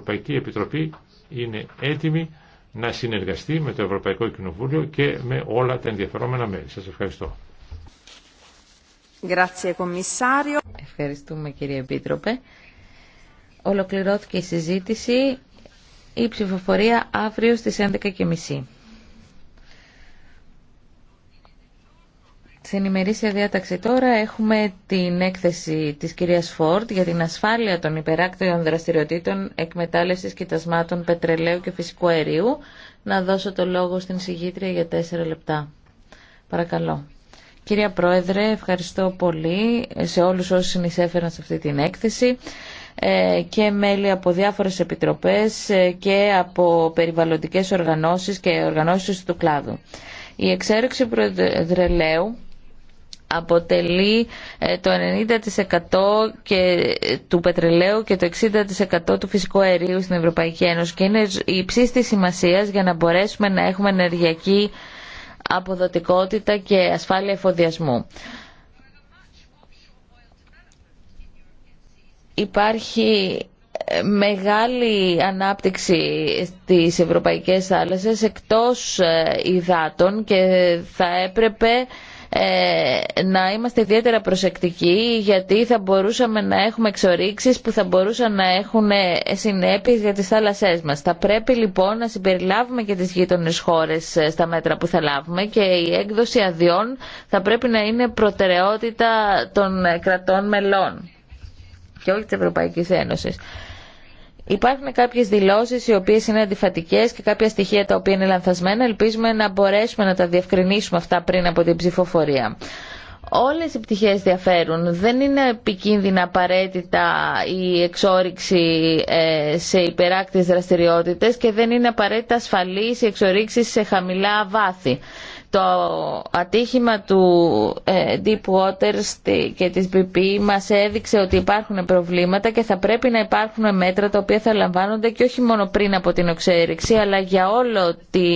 Ευρωπαϊκή Επιτροπή είναι έτοιμη να συνεργαστεί με το Ευρωπαϊκό Κοινοβούλιο και με όλα τα ενδιαφερόμενα μέλη. Σας ευχαριστώ. Ευχαριστούμε κύριε Επίτροπε. Ολοκληρώθηκε η συζήτηση. Η ψηφοφορία αύριο στις 11.30. Στην ημερήσια διάταξη τώρα έχουμε την έκθεση της κυρίας Φόρτ για την ασφάλεια των υπεράκτιων δραστηριοτήτων εκμετάλλευσης κοιτασμάτων πετρελαίου και φυσικού αερίου. Να δώσω το λόγο στην συγγήτρια για τέσσερα λεπτά. Παρακαλώ. Κυρία Πρόεδρε, ευχαριστώ πολύ σε όλους όσους συνεισέφεραν σε αυτή την έκθεση ε, και μέλη από διάφορες επιτροπές ε, και από περιβαλλοντικές οργανώσεις και οργανώσεις του κλάδου. Η εξέρεξη πετρελαίου αποτελεί ε, το 90% ε, του πετρελαίου και το 60% του φυσικού αερίου στην Ευρωπαϊκή Ένωση και είναι υψίστης της σημασίας για να μπορέσουμε να έχουμε ενεργειακή αποδοτικότητα και ασφάλεια εφοδιασμού. Υπάρχει ε, μεγάλη ανάπτυξη στις ευρωπαϊκές θάλασσες εκτός υδάτων και θα έπρεπε ε, να είμαστε ιδιαίτερα προσεκτικοί γιατί θα μπορούσαμε να έχουμε εξορίξεις που θα μπορούσαν να έχουν ε, συνέπειες για τις θάλασσές μας. Θα πρέπει λοιπόν να συμπεριλάβουμε και τις γείτονες χώρες ε, στα μέτρα που θα λάβουμε και η έκδοση αδειών θα πρέπει να είναι προτεραιότητα των κρατών μελών και όλη της Ευρωπαϊκής Ένωσης. Υπάρχουν κάποιες δηλώσεις οι οποίες είναι αντιφατικές και κάποια στοιχεία τα οποία είναι λανθασμένα. Ελπίζουμε να μπορέσουμε να τα διευκρινίσουμε αυτά πριν από την ψηφοφορία. Όλες οι πτυχές διαφέρουν. Δεν είναι επικίνδυνα απαραίτητα η εξόριξη ε, σε υπεράκτης δραστηριότητες και δεν είναι απαραίτητα ασφαλής η εξορίξη σε χαμηλά βάθη. Το ατύχημα του ε, Deep Waters και της BP μας έδειξε ότι υπάρχουν προβλήματα και θα πρέπει να υπάρχουν μέτρα τα οποία θα λαμβάνονται και όχι μόνο πριν από την οξέριξη αλλά για όλο τη,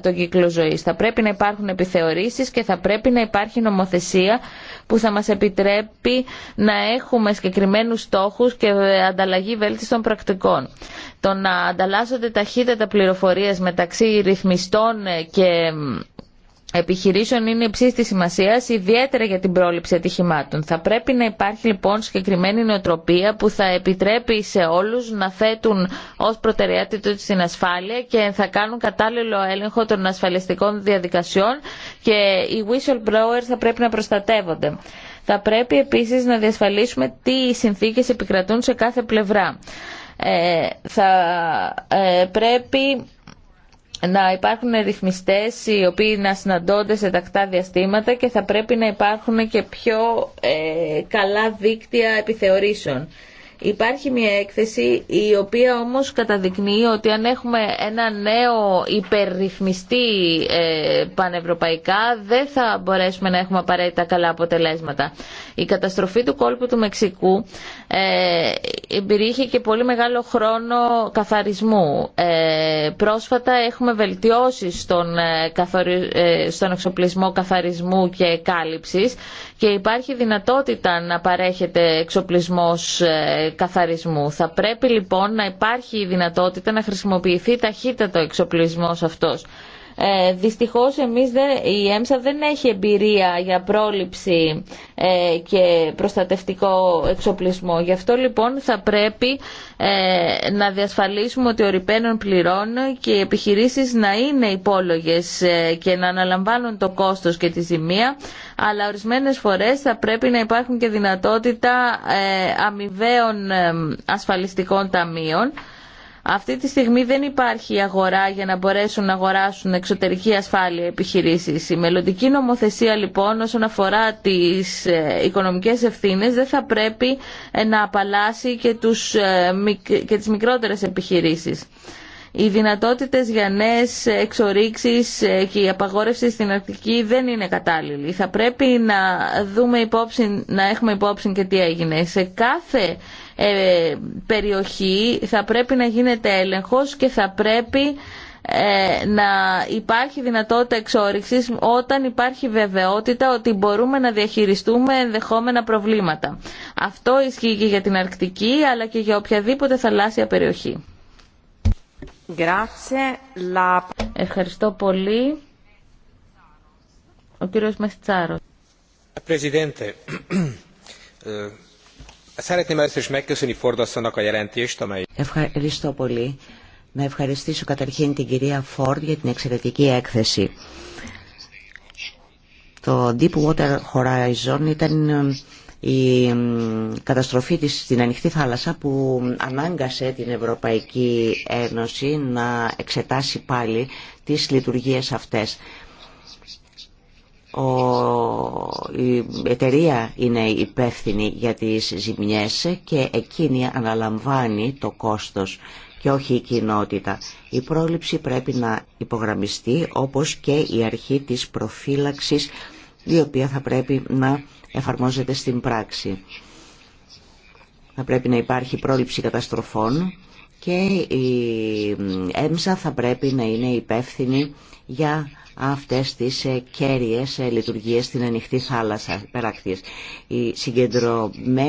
το κύκλο ζωής. Θα πρέπει να υπάρχουν επιθεωρήσεις και θα πρέπει να υπάρχει νομοθεσία που θα μας επιτρέπει να έχουμε συγκεκριμένους στόχους και ανταλλαγή βέλτιστων πρακτικών. Το να ανταλλάσσονται ταχύτερα πληροφορίες μεταξύ ρυθμιστών και επιχειρήσεων είναι υψή τη σημασία, ιδιαίτερα για την πρόληψη ατυχημάτων. Θα πρέπει να υπάρχει λοιπόν συγκεκριμένη νοοτροπία που θα επιτρέπει σε όλου να θέτουν ω προτεραιότητα την ασφάλεια και θα κάνουν κατάλληλο έλεγχο των ασφαλιστικών διαδικασιών και οι whistleblowers θα πρέπει να προστατεύονται. Θα πρέπει επίσης να διασφαλίσουμε τι συνθήκες επικρατούν σε κάθε πλευρά. Ε, θα ε, πρέπει να υπάρχουν ρυθμιστές οι οποίοι να συναντώνται σε τακτά διαστήματα και θα πρέπει να υπάρχουν και πιο ε, καλά δίκτυα επιθεωρήσεων. Υπάρχει μια έκθεση η οποία όμως καταδεικνύει ότι αν έχουμε ένα νέο υπερρυθμιστή ε, πανευρωπαϊκά δεν θα μπορέσουμε να έχουμε απαραίτητα καλά αποτελέσματα. Η καταστροφή του κόλπου του Μεξικού ε, και πολύ μεγάλο χρόνο καθαρισμού. Ε, πρόσφατα έχουμε βελτιώσει ε, ε, στον, εξοπλισμό καθαρισμού και κάλυψης και υπάρχει δυνατότητα να παρέχεται εξοπλισμός ε, καθαρισμού. Θα πρέπει λοιπόν να υπάρχει η δυνατότητα να χρησιμοποιηθεί ταχύτατο εξοπλισμός αυτός. Ε, δυστυχώς η ΕΜΣΑ δεν έχει εμπειρία για πρόληψη ε, και προστατευτικό εξοπλισμό. Γι' αυτό λοιπόν θα πρέπει ε, να διασφαλίσουμε ότι ο ρηπαίνων πληρώνει και οι επιχειρήσεις να είναι υπόλογες ε, και να αναλαμβάνουν το κόστος και τη ζημία, αλλά ορισμένες φορές θα πρέπει να υπάρχουν και δυνατότητα αμοιβαίων ασφαλιστικών ταμείων αυτή τη στιγμή δεν υπάρχει αγορά για να μπορέσουν να αγοράσουν εξωτερική ασφάλεια επιχειρήσεις. Η μελλοντική νομοθεσία λοιπόν όσον αφορά τις ε, οικονομικές ευθύνες δεν θα πρέπει να απαλλάσσει και, τους, ε, και τις μικρότερες επιχειρήσεις. Οι δυνατότητες για νέες εξορίξεις ε, και η απαγόρευση στην Αρκτική δεν είναι κατάλληλη. Θα πρέπει να, δούμε υπόψη, να έχουμε υπόψη και τι έγινε. Σε κάθε ε, περιοχή θα πρέπει να γίνεται έλεγχος και θα πρέπει ε, να υπάρχει δυνατότητα εξόριξης όταν υπάρχει βεβαιότητα ότι μπορούμε να διαχειριστούμε ενδεχόμενα προβλήματα. Αυτό ισχύει και για την Αρκτική αλλά και για οποιαδήποτε θαλάσσια περιοχή. Ευχαριστώ πολύ. Ο κύριος Μεστσάρος. Ε, Ευχαριστώ πολύ. Να ευχαριστήσω καταρχήν την κυρία Φόρντ για την εξαιρετική έκθεση. Το Deepwater Horizon ήταν η καταστροφή της στην ανοιχτή θάλασσα που ανάγκασε την Ευρωπαϊκή Ένωση να εξετάσει πάλι τις λειτουργίες αυτές. Ο, η εταιρεία είναι υπεύθυνη για τις ζημιές και εκείνη αναλαμβάνει το κόστος και όχι η κοινότητα. Η πρόληψη πρέπει να υπογραμμιστεί όπως και η αρχή της προφύλαξης η οποία θα πρέπει να εφαρμόζεται στην πράξη. Θα πρέπει να υπάρχει πρόληψη καταστροφών και η ΕΜΣΑ θα πρέπει να είναι υπεύθυνη για αυτές τις κέρυες λειτουργίες στην ανοιχτή θάλασσα περάκτης. Η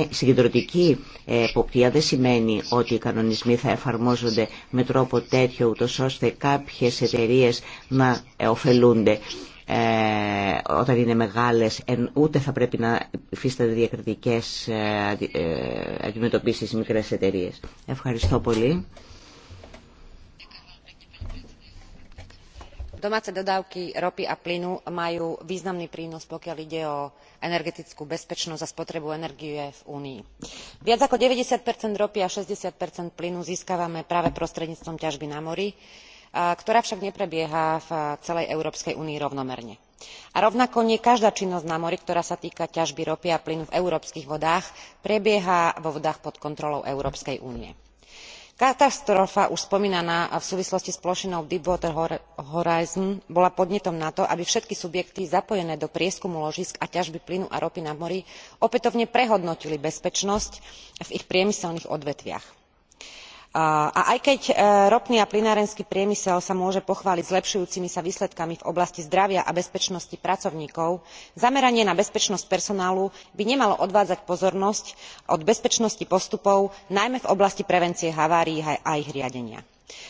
συγκεντρωτική εποπτεία δεν σημαίνει ότι οι κανονισμοί θα εφαρμόζονται με τρόπο τέτοιο ούτως ώστε κάποιες εταιρείες να ωφελούνται ε, όταν είναι μεγάλες εν, ούτε θα πρέπει να υφίστανται διακριτικές ε, ε, αντιμετωπίσεις στις μικρές εταιρείες. Ευχαριστώ πολύ. domáce dodávky ropy a plynu majú významný prínos pokiaľ ide o energetickú bezpečnosť a spotrebu energie v únii. viac ako 90 ropy a 60 plynu získavame práve prostredníctvom ťažby na mori ktorá však neprebieha v celej európskej únii rovnomerne. a rovnako nie každá činnosť na mori ktorá sa týka ťažby ropy a plynu v európskych vodách prebieha vo vodách pod kontrolou európskej únie. katastrofa už spomínaná v súvislosti s plošinou deepwater horizon bola podnetom na to aby všetky subjekty zapojené do prieskumu ložísk a ťažby plynu a ropy na mori opätovne prehodnotili bezpečnosť v ich priemyselných odvetviach a aj keď ropný a plynárenský priemysel sa môže pochváliť zlepšujúcimi sa výsledkami v oblasti zdravia a bezpečnosti pracovníkov zameranie na bezpečnosť personálu by nemalo odvádzať pozornosť od bezpečnosti postupov najmä v oblasti prevencie havárií a ich riadenia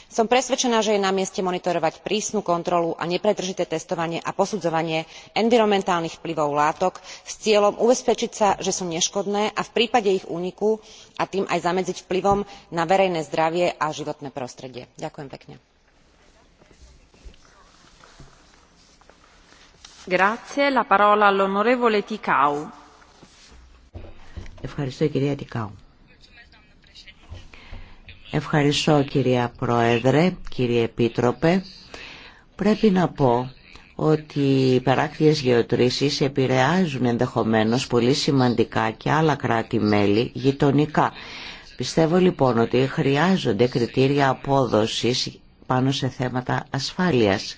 som presvedčená že je na mieste monitorovať prísnu kontrolu a nepretržité testovanie a posudzovanie environmentálnych vplyvov látok s cieľom ubezpečiť sa že sú neškodné a v prípade ich úniku a tým aj zamedziť vplyvom na verejné zdravie a životné prostredie. ďakujem pekne. Ευχαριστώ κυρία Πρόεδρε, κύριε Επίτροπε. Πρέπει να πω ότι οι παράκτιες γεωτρήσεις επηρεάζουν ενδεχομένως πολύ σημαντικά και άλλα κράτη-μέλη γειτονικά. Πιστεύω λοιπόν ότι χρειάζονται κριτήρια απόδοσης πάνω σε θέματα ασφάλειας.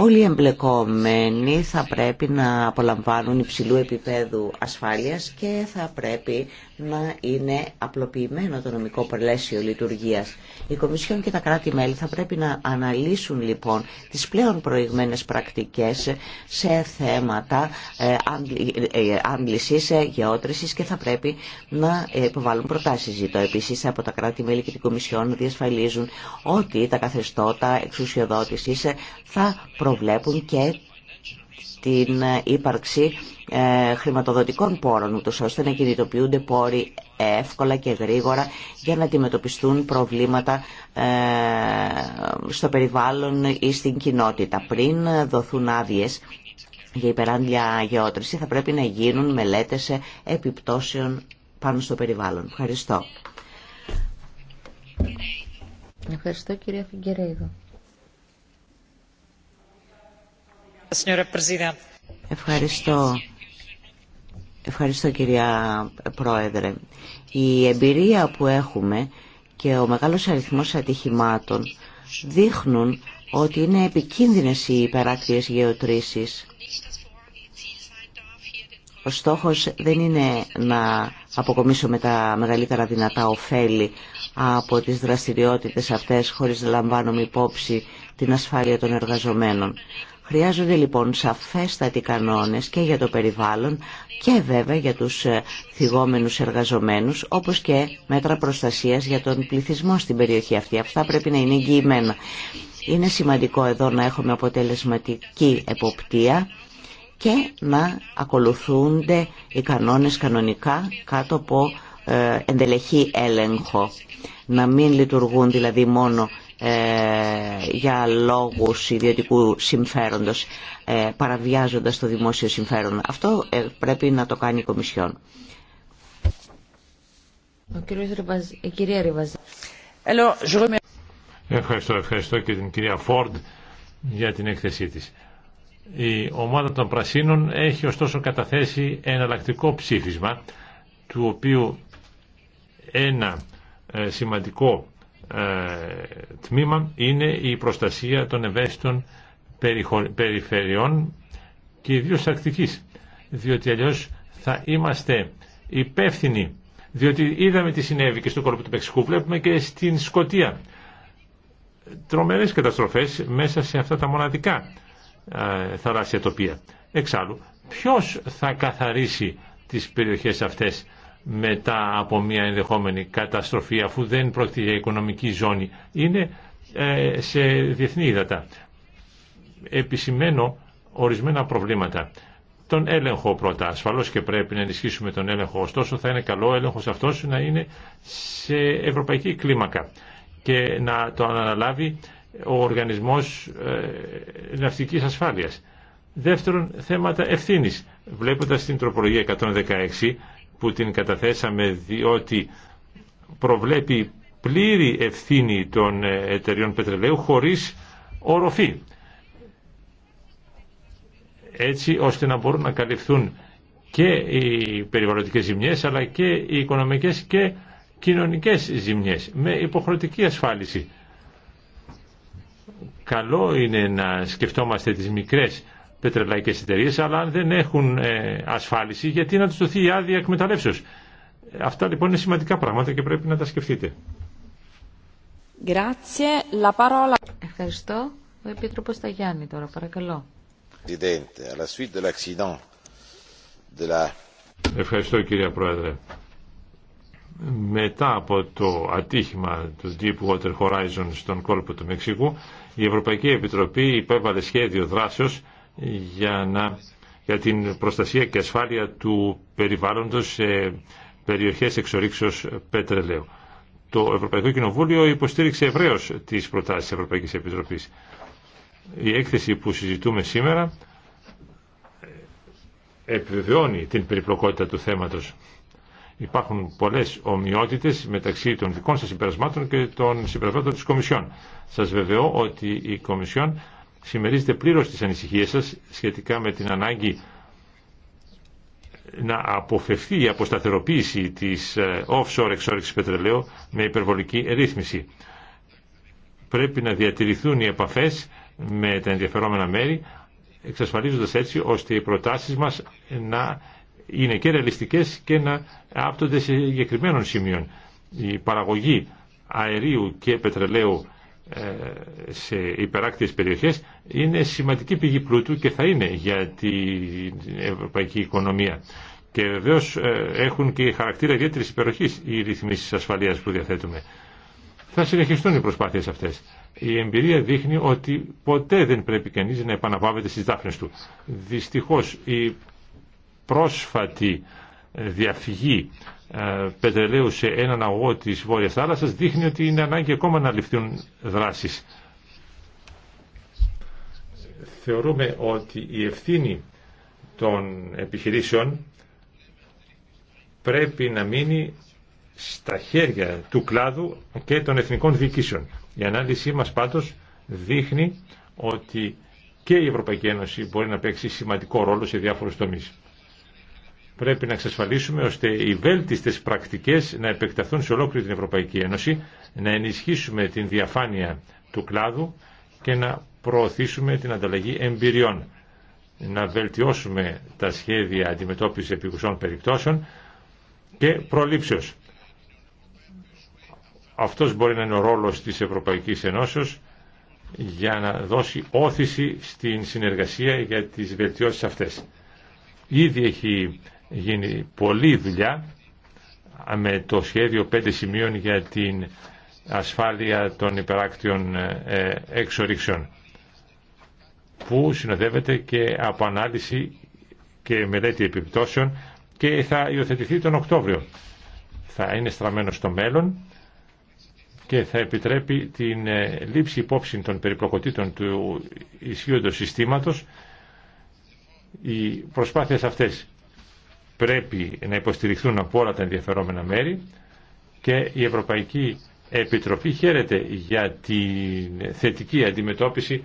Όλοι οι εμπλεκόμενοι θα πρέπει να απολαμβάνουν υψηλού επίπεδου ασφάλειας και θα πρέπει να είναι απλοποιημένο το νομικό πλαίσιο λειτουργίας. Η Κομισιόν και τα κράτη-μέλη θα πρέπει να αναλύσουν λοιπόν τις πλέον προηγμένες πρακτικές σε θέματα ε, ε, άντλησης, ε, γεώτρησης και θα πρέπει να υποβάλουν προτάσεις. Ζητώ επίσης από τα κράτη-μέλη και την Κομισιόν να διασφαλίζουν ότι τα καθεστώτα εξουσιοδότησης θα βλέπουν και την ύπαρξη ε, χρηματοδοτικών πόρων, ούτως ώστε να κινητοποιούνται πόροι εύκολα και γρήγορα για να αντιμετωπιστούν προβλήματα ε, στο περιβάλλον ή στην κοινότητα. Πριν δοθούν άδειε για υπεράντια γεώτρηση θα πρέπει να γίνουν μελέτες επιπτώσεων πάνω στο περιβάλλον. Ευχαριστώ. Ευχαριστώ κυρία Φιγκερέιδο. Ευχαριστώ. κυρία Πρόεδρε. Η εμπειρία που έχουμε και ο μεγάλος αριθμός ατυχημάτων δείχνουν ότι είναι επικίνδυνες οι υπεράκτιες γεωτρήσεις. Ο στόχος δεν είναι να αποκομίσουμε τα μεγαλύτερα δυνατά ωφέλη από τις δραστηριότητες αυτές χωρίς να λαμβάνουμε υπόψη την ασφάλεια των εργαζομένων. Χρειάζονται λοιπόν σαφέστατοι κανόνες και για το περιβάλλον και βέβαια για τους ε, θυγόμενους εργαζομένους όπως και μέτρα προστασίας για τον πληθυσμό στην περιοχή αυτή. Αυτά πρέπει να είναι εγγυημένα. Είναι σημαντικό εδώ να έχουμε αποτελεσματική εποπτεία και να ακολουθούνται οι κανόνες κανονικά κάτω από ε, εντελεχή έλεγχο. Να μην λειτουργούν δηλαδή μόνο ε, για λόγους ιδιωτικού συμφέροντος ε, παραβιάζοντας το δημόσιο συμφέρον. Αυτό ε, πρέπει να το κάνει η Κομισιόν. Ο κύριος, η κυρία Ευχαριστώ, ευχαριστώ και την κυρία Φόρντ για την έκθεσή της. Η ομάδα των Πρασίνων έχει ωστόσο καταθέσει εναλλακτικό ψήφισμα του οποίου ένα σημαντικό ε, τμήμα είναι η προστασία των ευαίσθητων περιφερειών και ιδίως τακτικής διότι αλλιώς θα είμαστε υπεύθυνοι διότι είδαμε τι συνέβη και στο κόλπο του Μεξικού βλέπουμε και στην Σκοτία τρομερές καταστροφές μέσα σε αυτά τα μοναδικά ε, θαλάσσια τοπία εξάλλου ποιος θα καθαρίσει τις περιοχές αυτές μετά από μια ενδεχόμενη καταστροφή αφού δεν πρόκειται για οικονομική ζώνη είναι ε, σε διεθνή ύδατα. Επισημένω ορισμένα προβλήματα. Τον έλεγχο πρώτα. Ασφαλώ και πρέπει να ενισχύσουμε τον έλεγχο. Ωστόσο, θα είναι καλό ο έλεγχο αυτό να είναι σε ευρωπαϊκή κλίμακα και να το αναλάβει ο Οργανισμό ε, Ναυτική Ασφάλεια. Δεύτερον, θέματα ευθύνη. Βλέποντα την τροπολογία 116, που την καταθέσαμε διότι προβλέπει πλήρη ευθύνη των ε, εταιριών πετρελαίου χωρίς οροφή. Έτσι ώστε να μπορούν να καλυφθούν και οι περιβαλλοντικές ζημιές αλλά και οι οικονομικές και κοινωνικές ζημιές με υποχρεωτική ασφάλιση. Καλό είναι να σκεφτόμαστε τις μικρές πετρελαϊκές εταιρείες, αλλά δεν έχουν ε, ασφάλιση, γιατί να τους δοθεί η άδεια εκμεταλλεύσεως. Αυτά λοιπόν είναι σημαντικά πράγματα και πρέπει να τα σκεφτείτε. Ευχαριστώ. Ο Επίτροπο Σταγιάννη τώρα, παρακαλώ. Ευχαριστώ κύριε Πρόεδρε. Μετά από το ατύχημα του Deepwater Horizon στον κόλπο του Μεξικού, η Ευρωπαϊκή Επιτροπή υπέβαλε σχέδιο δράσεως για, να, για την προστασία και ασφάλεια του περιβάλλοντος σε περιοχές εξορίξεως πετρελαίου. Το Ευρωπαϊκό Κοινοβούλιο υποστήριξε ευρέως τις προτάσεις της Ευρωπαϊκής Επιτροπής. Η έκθεση που συζητούμε σήμερα ε, επιβεβαιώνει την περιπλοκότητα του θέματος. Υπάρχουν πολλές ομοιότητες μεταξύ των δικών σας συμπερασμάτων και των συμπερασμάτων της Κομισιόν. Σας βεβαιώ ότι η Κομισιόν συμμερίζεται πλήρως τις ανησυχίες σας σχετικά με την ανάγκη να αποφευθεί η αποσταθεροποίηση της ε, offshore εξόρυξης πετρελαίου με υπερβολική ρύθμιση. Πρέπει να διατηρηθούν οι επαφές με τα ενδιαφερόμενα μέρη, εξασφαλίζοντας έτσι ώστε οι προτάσεις μας να είναι και ρεαλιστικές και να άπτονται σε συγκεκριμένων σημείων. Η παραγωγή αερίου και πετρελαίου ε, σε υπεράκτιες περιοχές είναι σημαντική πηγή πλούτου και θα είναι για την ευρωπαϊκή οικονομία. Και βεβαίω ε, έχουν και χαρακτήρα ιδιαίτερη υπεροχή οι ρυθμίσει ασφαλεία που διαθέτουμε. Θα συνεχιστούν οι προσπάθειε αυτέ. Η εμπειρία δείχνει ότι ποτέ δεν πρέπει κανεί να επαναπάβεται στι δάφνε του. Δυστυχώ η πρόσφατη διαφυγή ε, πετρελαίου σε έναν αγωγό τη Βόρεια θάλασσα, δείχνει ότι είναι ανάγκη ακόμα να ληφθούν δράσεις. Θεωρούμε ότι η ευθύνη των επιχειρήσεων πρέπει να μείνει στα χέρια του κλάδου και των εθνικών διοικήσεων. Η ανάλυση μας πάντως δείχνει ότι και η Ευρωπαϊκή Ένωση μπορεί να παίξει σημαντικό ρόλο σε διάφορους τομείς πρέπει να εξασφαλίσουμε ώστε οι βέλτιστες πρακτικέ να επεκταθούν σε ολόκληρη την Ευρωπαϊκή Ένωση, να ενισχύσουμε την διαφάνεια του κλάδου και να προωθήσουμε την ανταλλαγή εμπειριών, να βελτιώσουμε τα σχέδια αντιμετώπισης επικουσών περιπτώσεων και προλήψεως. Αυτός μπορεί να είναι ο ρόλο τη Ευρωπαϊκή Ενώσεως για να δώσει όθηση στην συνεργασία για τις βελτιώσεις αυτές. Ήδη έχει γίνει πολλή δουλειά με το σχέδιο πέντε σημείων για την ασφάλεια των υπεράκτιων ε, εξορίξεων που συνοδεύεται και από ανάλυση και μελέτη επιπτώσεων και θα υιοθετηθεί τον Οκτώβριο. Θα είναι στραμμένο στο μέλλον και θα επιτρέπει την ε, λήψη υπόψη των περιπλοκοτήτων του ισχύοντος συστήματος οι προσπάθειες αυτές πρέπει να υποστηριχθούν από όλα τα ενδιαφερόμενα μέρη και η Ευρωπαϊκή Επιτροπή χαίρεται για τη θετική αντιμετώπιση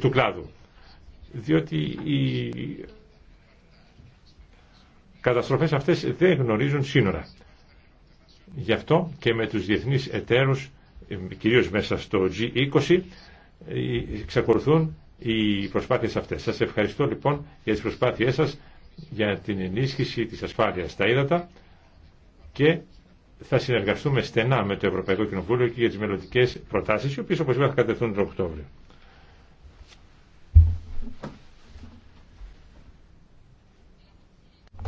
του κλάδου. Διότι οι καταστροφές αυτές δεν γνωρίζουν σύνορα. Γι' αυτό και με τους διεθνείς εταίρους, κυρίως μέσα στο G20, εξακολουθούν οι προσπάθειες αυτές. Σας ευχαριστώ λοιπόν για τις προσπάθειές σας για την ενίσχυση της ασφάλειας στα ύδατα και θα συνεργαστούμε στενά με το Ευρωπαϊκό Κοινοβούλιο και για τις μελλοντικέ προτάσεις, οι οποίες όπως είπα θα κατευθούν τον Οκτώβριο.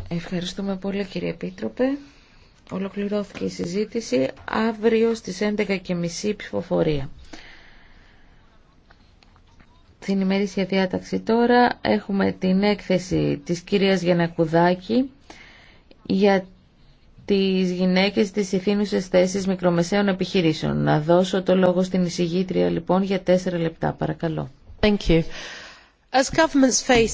Ευχαριστούμε πολύ κύριε Επίτροπε. Ολοκληρώθηκε η συζήτηση. Αύριο στις 11.30 ψηφοφορία. Την ημερήσια διάταξη τώρα έχουμε την έκθεση της κυρίας Γιανακουδάκη για τις γυναίκες της ηθήνουσες θέσεις μικρομεσαίων επιχειρήσεων. Να δώσω το λόγο στην εισηγήτρια λοιπόν για τέσσερα λεπτά. Παρακαλώ.